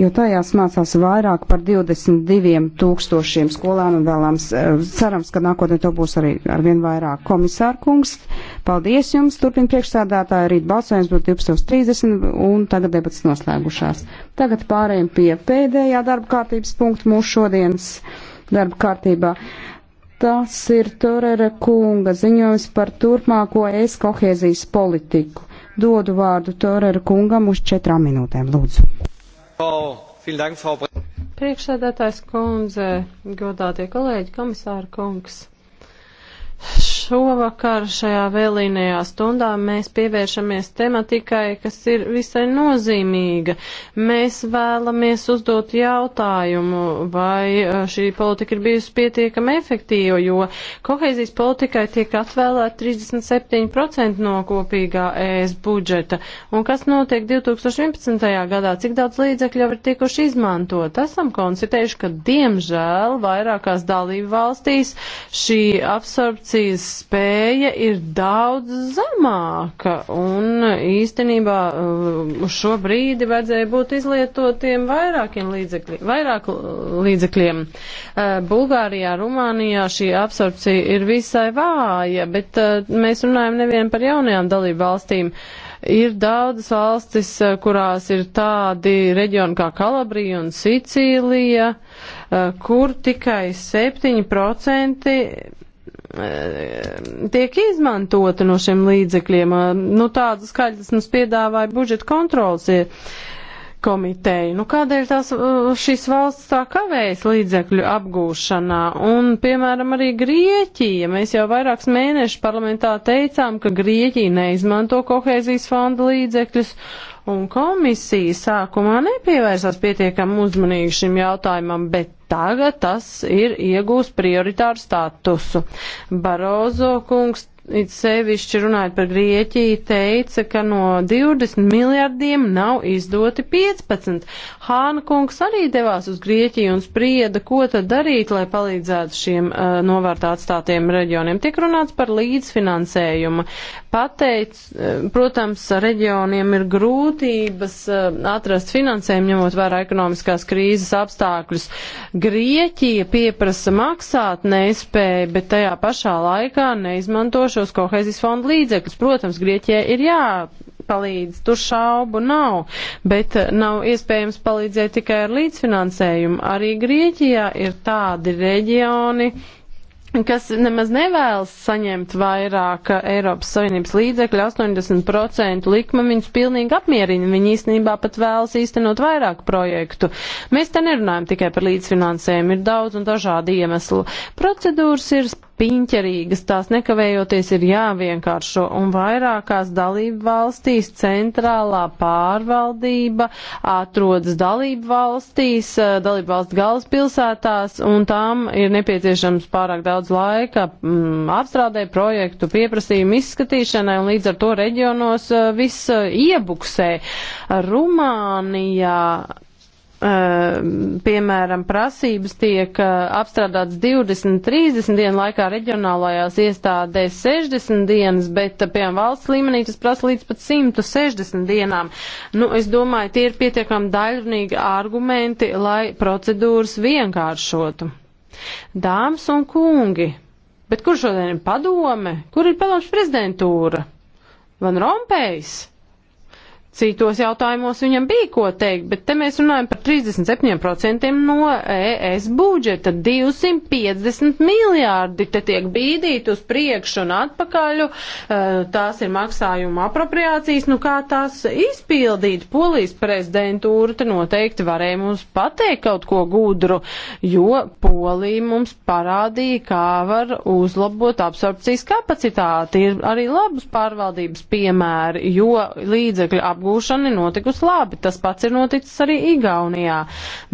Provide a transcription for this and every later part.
jo tajās mācās vairāk par 22 tūkstošiem skolēnu un vēlams, eh, cerams, ka nākotnē to būs arī arvien vairāk. Komisārkungs, paldies jums, turpin priekšsādātāji, rīt balsojums būs 12.30 un tagad debats noslēgušās. Tagad pārējiem pie pēdējā darba kārtības punkta mūsu šodienas darba kārtībā. Tas ir Torera kunga ziņojums par turpmāko es kohēzijas politiku. Dodu vārdu Torera kungam uz četrām minūtēm, lūdzu. Priekšsēdētājs kundze, godātie kolēģi, komisāra kungs. Šovakar šajā vēlīnajā stundā mēs pievēršamies tematikai, kas ir visai nozīmīga. Mēs vēlamies uzdot jautājumu, vai e, šī politika ir bijusi pietiekami efektīva, jo kohēzijas politikai tiek atvēlēt 37% no kopīgā ES budžeta. Un kas notiek 2011. gadā? Cik daudz līdzekļu jau ir tikuši izmantot? Esam konstatējuši, ka diemžēl vairākās dalību valstīs šī absorpcijas spēja ir daudz zemāka un īstenībā uh, uz šo brīdi vajadzēja būt izlietotiem vairākiem līdzekļiem, vairāk līdzekļiem. Uh, Bulgārijā, Rumānijā šī absorpcija ir visai vāja, bet uh, mēs runājam nevien par jaunajām dalību valstīm. Ir daudzas valstis, kurās ir tādi reģioni kā Kalabrija un Sicīlija, kur tikai 7% Eh, tiek izmantota no šiem līdzekļiem. Eh, nu, tādas skaļas mums piedāvāja budžeta kontrols eh, komiteja. Nu, kādēļ tās, šīs valsts tā kavējas līdzekļu apgūšanā? Un, piemēram, arī Grieķija. Mēs jau vairākus mēnešus parlamentā teicām, ka Grieķija neizmanto kohēzijas fonda līdzekļus un komisija sākumā nepievērsās pietiekam uzmanīgi šim jautājumam, bet tagad tas ir iegūst prioritāru statusu. Barozo kungs it sevišķi runājot par Grieķiju, teica, ka no 20 miljardiem nav izdoti 15. Hāna kungs arī devās uz Grieķiju un sprieda, ko tad darīt, lai palīdzētu šiem uh, eh, novērt atstātiem reģioniem. Tiek runāts par līdzfinansējumu pateic, protams, reģioniem ir grūtības eh, atrast finansējumu, ņemot vērā ekonomiskās krīzes apstākļus. Grieķija pieprasa maksāt nespēju, bet tajā pašā laikā neizmanto šos kohēzijas fondu līdzekļus. Protams, Grieķijai ir jā palīdz, tur šaubu nav, bet eh, nav iespējams palīdzēt tikai ar līdzfinansējumu. Arī Grieķijā ir tādi reģioni, kas nemaz nevēlas saņemt vairāk Eiropas Savienības līdzekļu, 80% likma viņus pilnīgi apmierina. Viņi īstenībā pat vēlas īstenot vairāk projektu. Mēs te nerunājam tikai par līdzfinansējumu, ir daudz un dažādi iemesli. Procedūras ir piņķerīgas, tās nekavējoties ir jāvienkāršo, un vairākās dalību valstīs centrālā pārvaldība atrodas dalību valstīs, eh, dalību valstu galvaspilsētās, un tām ir nepieciešams pārāk daudz laika m, mm, apstrādē projektu pieprasījumu izskatīšanai, un līdz ar to reģionos eh, viss eh, iebuksē. Rumānijā Ehm, piemēram, prasības tiek eh, apstrādātas 20, 30 dienu laikā reģionālajās iestādēs 60 dienas, bet, eh, piemēram, valsts līmenī tas prasa līdz pat 160 dienām. Nu, es domāju, tie ir pietiekami daļrunīgi argumenti, lai procedūras vienkāršotu. Dāmas un kungi, bet kur šodien ir padome? Kur ir padomas prezidentūra? Van Rompējs? Citos jautājumos viņam bija ko teikt, bet te mēs runājam par 37% no ES budžeta. 250 miljārdi te tiek bīdīti uz priekšu un atpakaļ. Eh, tās ir maksājuma apropriācijas. Nu, kā tās izpildīt? Polijas prezidentūra te noteikti varēja mums pateikt kaut ko gudru, jo Polija mums parādīja, kā var uzlabot absorpcijas kapacitāti. Ir arī labas pārvaldības piemēri, jo līdzekļu apgādājums atgūšana ir notikusi labi. Tas pats ir noticis arī Igaunijā.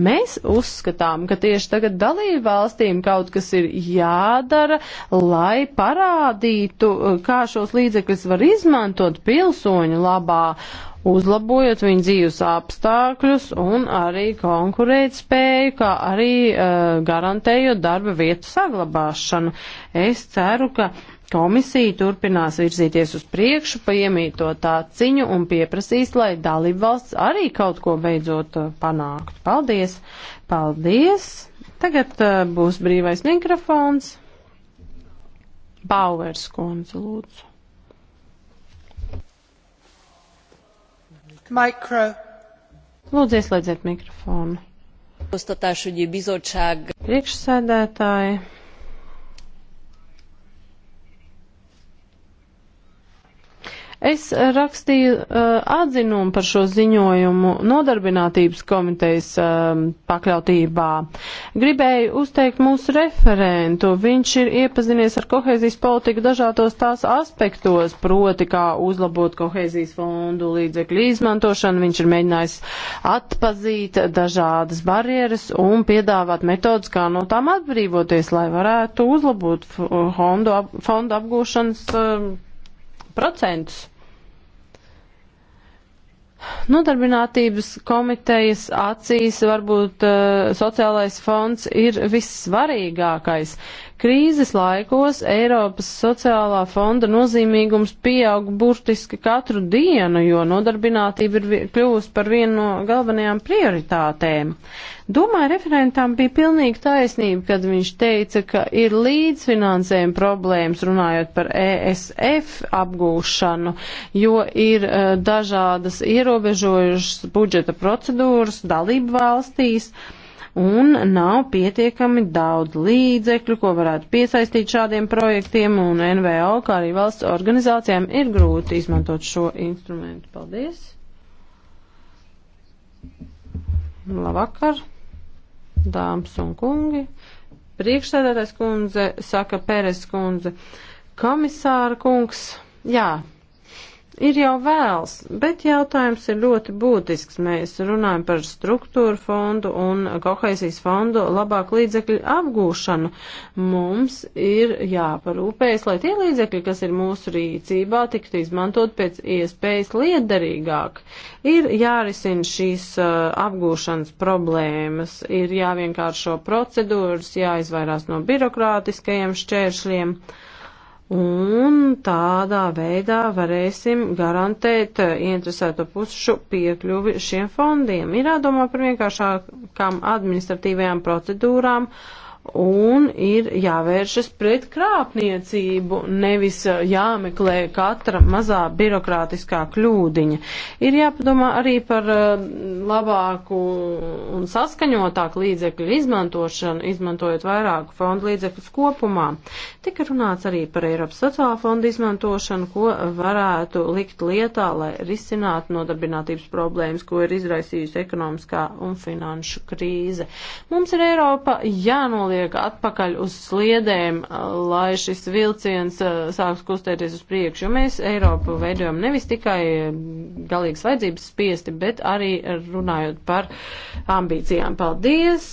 Mēs uzskatām, ka tieši tagad dalību valstīm kaut kas ir jādara, lai parādītu, uh, kā šos līdzekļus var izmantot pilsoņu labā uzlabojot viņu dzīves apstākļus un arī konkurēt spēju, kā arī uh, garantējot darba vietu saglabāšanu. Es ceru, ka Komisija turpinās virzīties uz priekšu, paiemīto tā ciņu un pieprasīs, lai dalībvalsts arī kaut ko beidzot eh, panāktu. Paldies! Paldies! Tagad uh, būs brīvais mikrofons. Bauers kundze, lūdzu. Mikro. Lūdzu, ieslēdziet mikrofonu. Priekšsēdētāji Es rakstīju uh, atzinumu par šo ziņojumu nodarbinātības komitejas uh, pakļautībā. Gribēju uzteikt mūsu referentu. Viņš ir iepazinies ar kohēzijas politiku dažādos tās aspektos, proti kā uzlabot kohēzijas fondu līdzekļu izmantošanu. Viņš ir mēģinājis atpazīt dažādas barjeras un piedāvāt metodus, kā no tām atbrīvoties, lai varētu uzlabot fondu, ap, fondu apgūšanas. Uh, procentus. Nodarbinātības komitejas acīs varbūt uh, sociālais fonds ir vissvarīgākais. Krīzes laikos Eiropas sociālā fonda nozīmīgums pieaug burtiski katru dienu, jo nodarbinātība ir kļuvusi par vienu no galvenajām prioritātēm. Domāju, referentam bija pilnīgi taisnība, kad viņš teica, ka ir līdzfinansējuma problēmas runājot par ESF apgūšanu, jo ir uh, dažādas ierobežojušas budžeta procedūras dalību valstīs. Uh, un nav pietiekami daudz līdzekļu, ko varētu piesaistīt šādiem projektiem, un NVO, kā arī valsts organizācijām, ir grūti izmantot šo instrumentu. Paldies! Labvakar, dāmas un kungi! Priekšsēdētājs kundze, saka Pēres kundze, komisāra kungs, jā, Ir jau vēls, bet jautājums ir ļoti būtisks. Mēs runājam par struktūru fondu un kohēzijas fondu labāk līdzekļu apgūšanu. Mums ir jāparūpējas, lai tie līdzekļi, kas ir mūsu rīcībā, tiktu izmantot pēc iespējas liederīgāk. Ir jārisina šīs uh, apgūšanas problēmas, ir jāvienkāršo procedūras, jāizvairās no birokrātiskajiem šķēršļiem. Uh, un tādā veidā varēsim garantēt interesēto pušu piekļuvi šiem fondiem. Ir jādomā par vienkāršākām administratīvajām procedūrām un ir jāvēršas pret krāpniecību, nevis jāmeklē katra mazā birokrātiskā kļūdiņa. Ir jāpadomā arī par labāku un saskaņotāku līdzekļu izmantošanu, izmantojot vairāku fondu līdzekļus kopumā. Tika runāts arī par Eiropas sociālā fonda izmantošanu, ko varētu likt lietā, lai risinātu nodarbinātības problēmas, ko ir izraisījusi ekonomiskā un finanšu krīze. Mums ir Eiropa jānoliek jāpaliek atpakaļ uz sliedēm, lai šis vilciens sāks kustēties uz priekšu, jo mēs Eiropu veidojam nevis tikai galīgas vajadzības spiesti, bet arī runājot par ambīcijām. Paldies!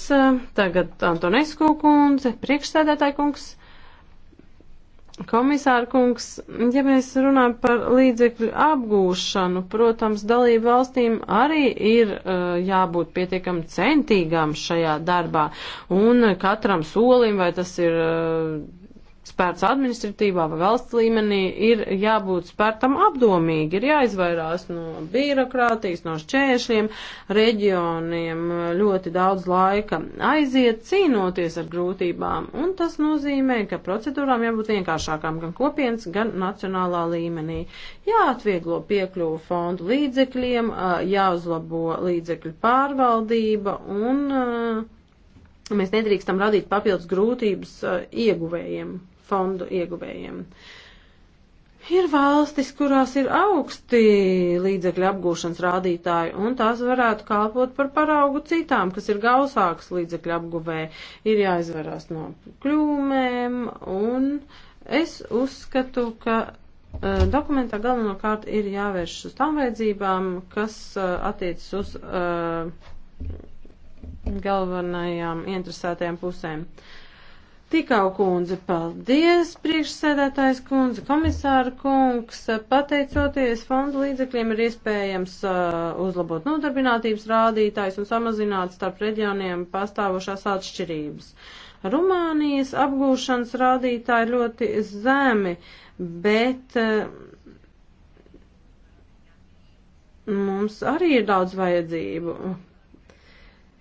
Tagad Antonesku kundze, priekšsēdētāja kungs. Komisāra kungs, ja mēs runājam par līdzekļu apgūšanu, protams, dalību valstīm arī ir uh, jābūt pietiekam centīgām šajā darbā, un katram solim, vai tas ir uh, spērts administratīvā vai valsts līmenī, ir jābūt spērtam apdomīgi, ir jāizvairās no birokrātijas, no šķēršļiem, reģioniem eh, ļoti daudz laika aiziet cīnoties ar grūtībām, un tas nozīmē, ka procedūrām jābūt vienkāršākām gan kopienas, gan nacionālā līmenī. Jāatvieglo piekļuvu fondu līdzekļiem, eh, jāuzlabo līdzekļu pārvaldība un eh, mēs nedrīkstam radīt papildus grūtības ieguvējiem fondu ieguvējiem. Ir valstis, kurās ir augsti līdzekļu apgūšanas rādītāji, un tās varētu kalpot par paraugu citām, kas ir gausākas līdzekļu apguvē. Ir jāizvarās no kļūmēm, un es uzskatu, ka e, Dokumentā galvenokārt ir jāvēršas uz tām vajadzībām, kas uh, attiecas uz uh, galvenajām interesētajām pusēm. Tikau kundze, paldies, priekšsēdētājs kundze, komisāra kungs. Pateicoties fondu līdzekļiem ir iespējams uh, uzlabot nodarbinātības rādītājs un samazināt starp reģioniem pastāvošās atšķirības. Rumānijas apgūšanas rādītāji ļoti zemi, bet. Uh, mums arī ir daudz vajadzību.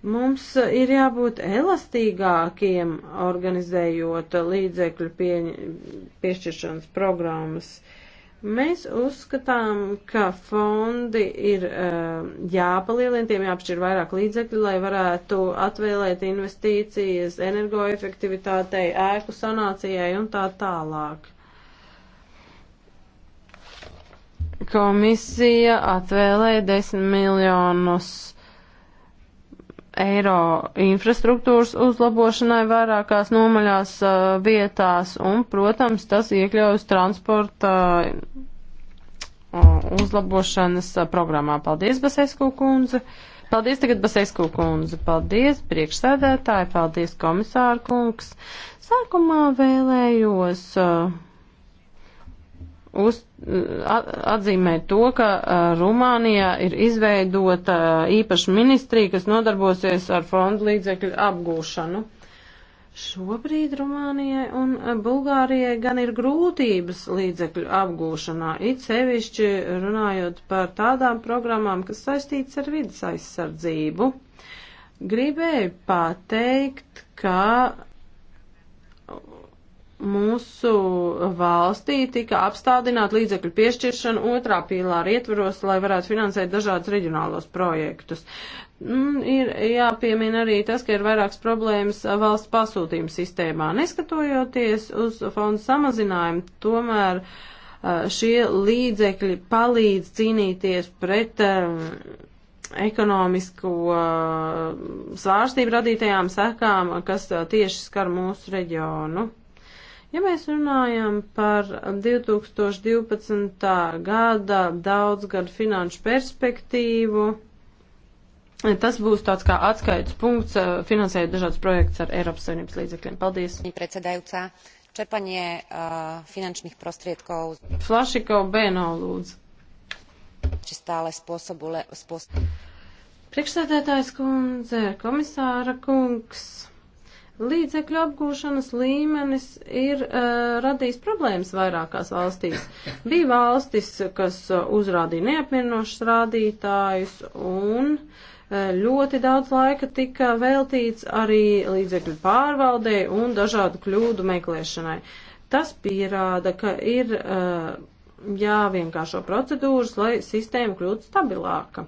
Mums eh, ir jābūt elastīgākiem, organizējot līdzekļu pie, piešķiršanas programmas. Mēs uzskatām, ka fondi ir uh, jāpalielina, tiem jāapšķir vairāk līdzekļu, lai varētu atvēlēt investīcijas energoefektivitātei, ēku sanācijai un tā tālāk. Komisija atvēlēja 10 miljonus eiro infrastruktūras uzlabošanai vairākās nomaļās uh, vietās, un, protams, tas iekļaujas transporta uh, uzlabošanas uh, programmā. Paldies, Basesko kundze! Paldies tagad Basesko kundze! Paldies, priekšsēdētāji! Paldies, komisāra kungs! Sākumā vēlējos. Uh, uz, atzīmē to, ka Rumānijā ir izveidota īpaša ministrija, kas nodarbosies ar fondu līdzekļu apgūšanu. Šobrīd Rumānijai un Bulgārijai gan ir grūtības līdzekļu apgūšanā, it sevišķi runājot par tādām programmām, kas saistīts ar vidas aizsardzību. Gribēju pateikt, ka mūsu valstī tika apstādināta līdzekļu piešķiršana otrā pīlāra ietveros, lai varētu finansēt dažādus reģionālos projektus. Mm, ir jāpiemina arī tas, ka ir vairākas problēmas valsts pasūtījuma sistēmā. Neskatojoties uz fondu samazinājumu, tomēr šie līdzekļi palīdz cīnīties pret ekonomisko svārstību radītajām sekām, kas tieši skar mūsu reģionu. Ja mēs runājam par 2012. gada daudzgadu finanšu perspektīvu, tas būs tāds kā atskaites punkts, eh, finansējot dažādas projekts ar Eiropas Savienības līdzekļiem. Paldies! Čerpanie uh, finančných prostriedkov. Flašikov Bēnov lūdzu. Či stále spôsobu... Spôsob... Priekšsēdētājs kundze, komisāra kungs līdzekļu apgūšanas līmenis ir uh, radījis problēmas vairākās valstīs. Bija valstis, kas eh, uzrādīja neapmierinošas rādītājus un uh, ļoti daudz laika tika veltīts arī līdzekļu pārvaldē un dažādu kļūdu meklēšanai. Tas pierāda, ka ir uh, jāvienkāršo procedūras, lai sistēma kļūtu stabilāka.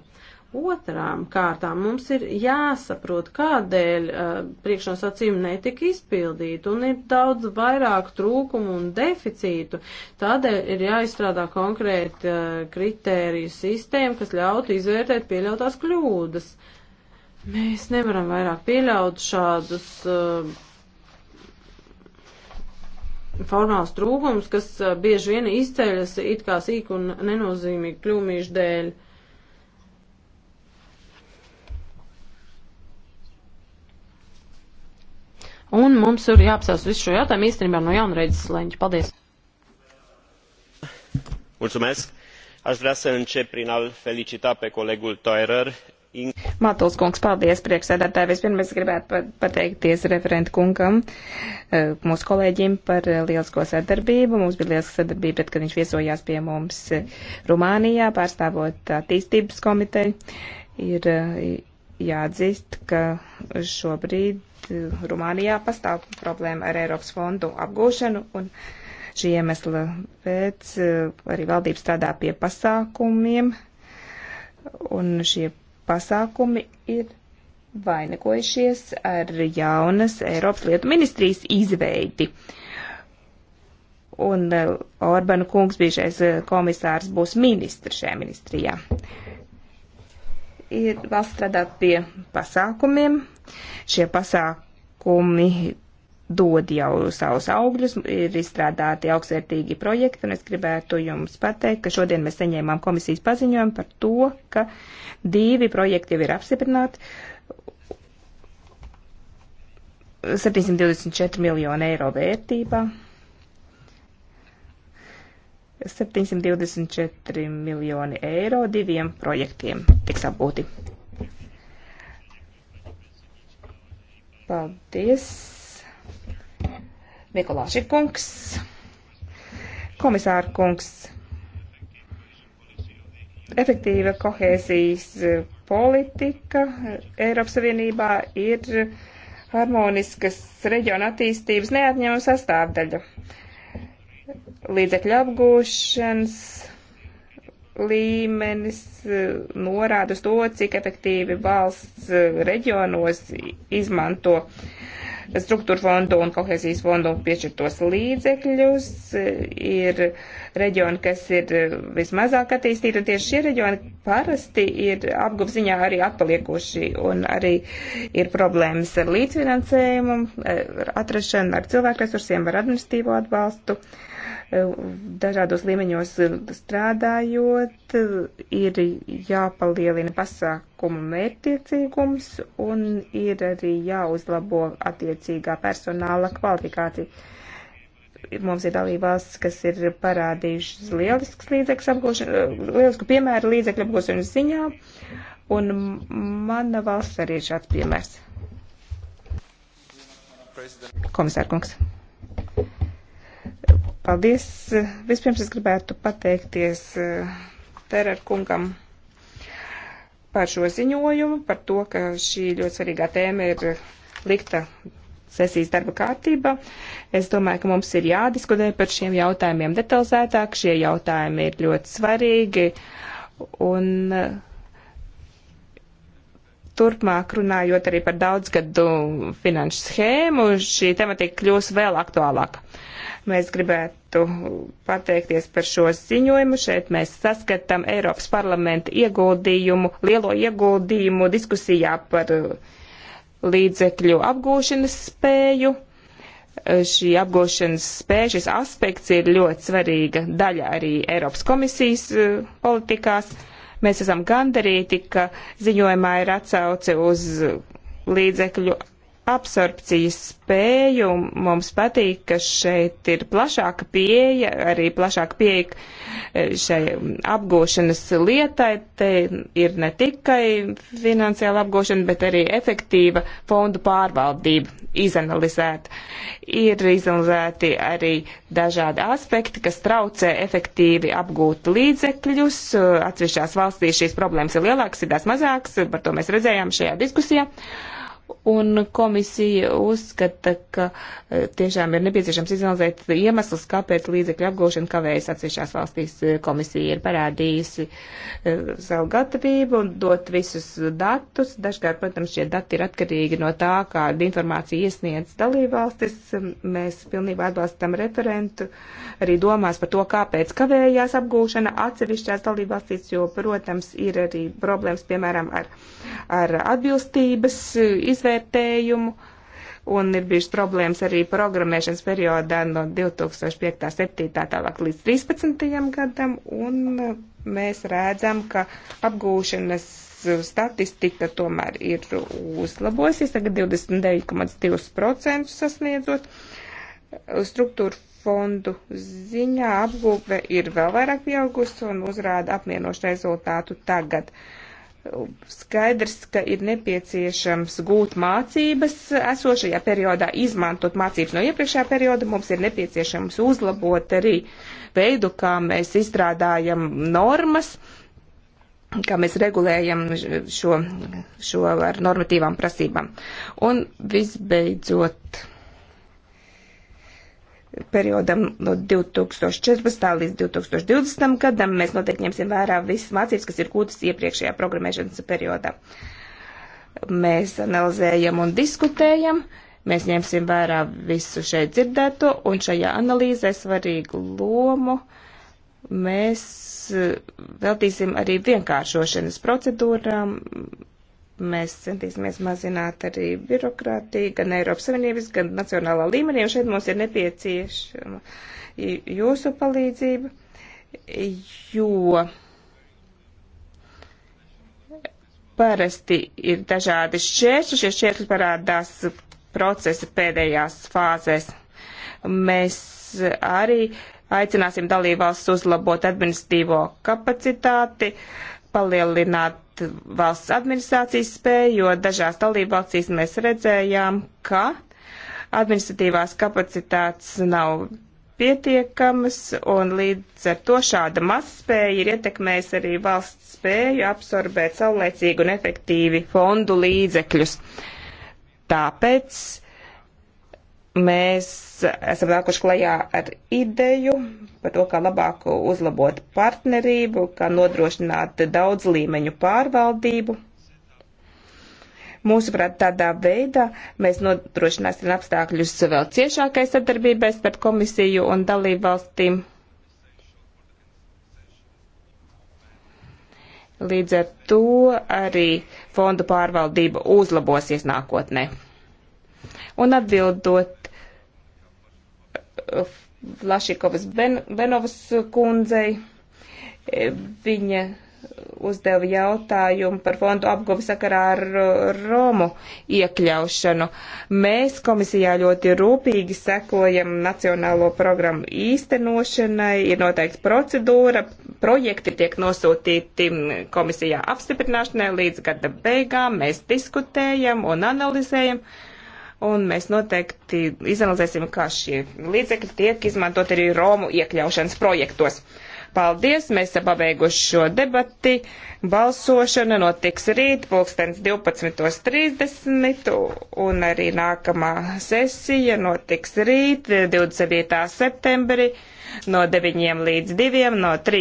Otrām kārtām mums ir jāsaprot, kādēļ uh, priekšnosacījumi netika izpildīti un ir daudz vairāk trūkumu un deficītu. Tādēļ ir jāizstrādā konkrēti uh, kritēriju sistēma, kas ļautu izvērtēt pieļautās kļūdas. Mēs nevaram vairāk pieļaut šādus uh, formāls trūkums, kas uh, bieži vien izceļas it kā sīk un nenozīmīgi kļūmīšu dēļ. Uh, Un mums ir jāapsās visu šo jautājumu īstenībā no jaunreiz slēņķa. Paldies! Mulțumesc! Aș vrea să încep prin a-l felicita pe colegul Toerer. Mātos kungs, paldies priekšsēdētāji. Vispirms es gribētu pateikties referentu kungam, eh, mūsu kolēģim par eh, lielisko sadarbību. Mums bija lieliska sadarbība, tad, kad viņš viesojās pie mums eh, Rumānijā, pārstāvot attīstības komiteju. Ir jāatzīst, ka šobrīd Rumānijā pastāv problēma ar Eiropas fondu apgūšanu, un šī iemesla pēc eh, arī valdība strādā pie pasākumiem, un šie pasākumi ir vainagojušies ar jaunas Eiropas lietu ministrijas izveidi. Un eh, Orbanu kungs bijušais eh, komisārs būs ministrs šajā ministrijā. Ir valsts strādā pie pasākumiem, Šie pasākumi dod jau savus augļus, ir izstrādāti augstvērtīgi projekti, un es gribētu jums pateikt, ka šodien mēs saņēmām komisijas paziņojumu par to, ka divi projekti jau ir apstiprināti. 724 miljonu eiro vērtībā. 724 miljoni eiro diviem projektiem tiks apgūti. Paldies. Mikulāši kungs, komisāra kungs, efektīva kohēzijas politika Eiropas Savienībā ir harmoniskas reģiona attīstības neatņemama sastāvdaļa. Līdzekļu apgūšanas līmenis e, norāda uz to, cik efektīvi valsts e, reģionos izmanto struktūra fondu un kohēzijas fondu piešķirtos līdzekļus. E, ir reģioni, kas ir vismazāk attīstīti, un tieši šie reģioni parasti ir apguvziņā arī atpaliekoši, un arī ir problēmas ar līdzfinansējumu, ar atrašanu, ar cilvēku resursiem, ar administīvo atbalstu. Uh, dažādos līmeņos strādājot, ir jāpalielina pasākumu mērķtiecīgums un ir arī jāuzlabo attiecīgā personāla kvalifikācija. Mums ir dalībvalsts, kas ir parādījušas lielisks līdzekļu apgūšanu, lielisku piemēru līdzekļu apgūšanas ziņā, un mana valsts arī ir šāds piemērs. Komisārkungs. Paldies. Vispirms es gribētu pateikties eh, Terer kungam par šo ziņojumu, par to, ka šī ļoti svarīgā tēma ir likta sesijas darba kārtībā. Es domāju, ka mums ir jādiskutē par šiem jautājumiem detalizētāk. Šie jautājumi ir ļoti svarīgi. Un eh, turpmāk runājot arī par daudzgadu finanšu schēmu, šī tematika kļūs vēl aktuālāka. Mēs gribētu pateikties par šo ziņojumu. Šeit mēs saskatām Eiropas parlamenta ieguldījumu, lielo ieguldījumu diskusijā par uh, līdzekļu apgūšanas spēju. Uh, šī apgūšanas spēja, šis aspekts ir ļoti svarīga daļa arī Eiropas komisijas uh, politikās. Mēs esam gandarīti, ka ziņojumā ir atsauce uz līdzekļu absorpcijas spēju. Mums patīk, ka šeit ir plašāka pieeja, arī plašāka pieeja eh, šai apgūšanas lietai. Te ir ne tikai finansiāla apgūšana, bet arī efektīva fondu pārvaldība izanalizēta. Ir izanalizēti arī dažādi aspekti, kas traucē efektīvi apgūt līdzekļus. Atsevišķās valstīs šīs problēmas ir lielākas, citās mazākas, par to mēs redzējām šajā diskusijā. Un komisija uzskata, ka e, tiešām ir nepieciešams izanalizēt iemeslus, kāpēc līdzekļu apgūšana kavējas atsevišķās valstīs. E, komisija ir parādījusi e, savu gatavību un dot visus datus. Dažkārt, protams, šie dati ir atkarīgi no tā, kāda informācija iesniedz dalībvalstis. Mēs pilnībā atbalstam referentu arī domās par to, kāpēc kavējās apgūšana atsevišķās dalībvalstīs, jo, protams, ir arī problēmas, piemēram, ar, ar atbilstības izmēģinājumu izvērtējumu. Un ir bijušas problēmas arī programmēšanas periodā no 2005.7. tālāk līdz 13. gadam, un mēs redzam, ka apgūšanas statistika tomēr ir uzlabosies, tagad 29,2% sasniedzot. Struktūra fondu ziņā apgūve ir vēl vairāk pieaugusi un uzrāda apmienošu rezultātu tagad. Uh, Skaidrs, ka ir nepieciešams gūt mācības esošajā periodā, izmantot mācības no iepriekšējā perioda. Mums ir nepieciešams uzlabot arī veidu, kā mēs izstrādājam normas, kā mēs regulējam šo, šo ar normatīvām prasībām. Un visbeidzot periodam no 2014. līdz 2020. gadam. Mēs noteikti ņemsim vērā visas mācības, kas ir kūtas iepriekšējā programmēšanas periodā. Mēs analizējam un diskutējam. Mēs ņemsim vērā visu šeit dzirdēto, un šajā analīzē svarīgu lomu mēs eh, veltīsim arī vienkāršošanas procedūrām, Mēs centīsimies mazināt arī birokrātiju gan Eiropas Savienības, gan nacionālā līmenī, un šeit mums ir nepieciešama jūsu palīdzība, jo parasti ir dažādi šķēršļi, šie šķēršļi parādās procesa pēdējās fāzēs. Mēs arī aicināsim dalībvalsts uzlabot administīvo kapacitāti, palielināt uzlabot valsts administrācijas spēju, jo dažās dalībvalstīs mēs redzējām, ka administratīvās kapacitātes nav pietiekamas, un līdz ar to šāda mazspēja ir ietekmējis arī valsts spēju absorbēt saulēcīgi un efektīvi fondu līdzekļus. Tāpēc uh, Mēs esam nākuši klajā ar ideju par to, kā labāk uzlabot partnerību, kā nodrošināt daudz līmeņu pārvaldību. Mūsuprāt, tādā veidā mēs nodrošināsim apstākļus vēl ciešākai sadarbībai starp komisiju un dalību valstīm. Līdz ar to arī fondu pārvaldība uzlabosies nākotnē. Un atbildot Flašikovas ben, Benovas kundzei. E, viņa uzdeva jautājumu par fondu apgovi sakarā ar Romu iekļaušanu. Mēs komisijā ļoti rūpīgi sekojam nacionālo programmu īstenošanai, ir noteikti procedūra, projekti tiek nosūtīti komisijā apstiprināšanai līdz gada beigām, mēs diskutējam un analizējam. Uh, Un mēs noteikti izanalizēsim, kā šie līdzekļi tiek izmantot arī Romu iekļaušanas projektos. Paldies, mēs esam pabeiguši šo debati. Balsošana notiks rīt, pulkstens 12.30, un arī nākamā sesija notiks rīt, 29. septembrī, no 9 līdz 2, no 3.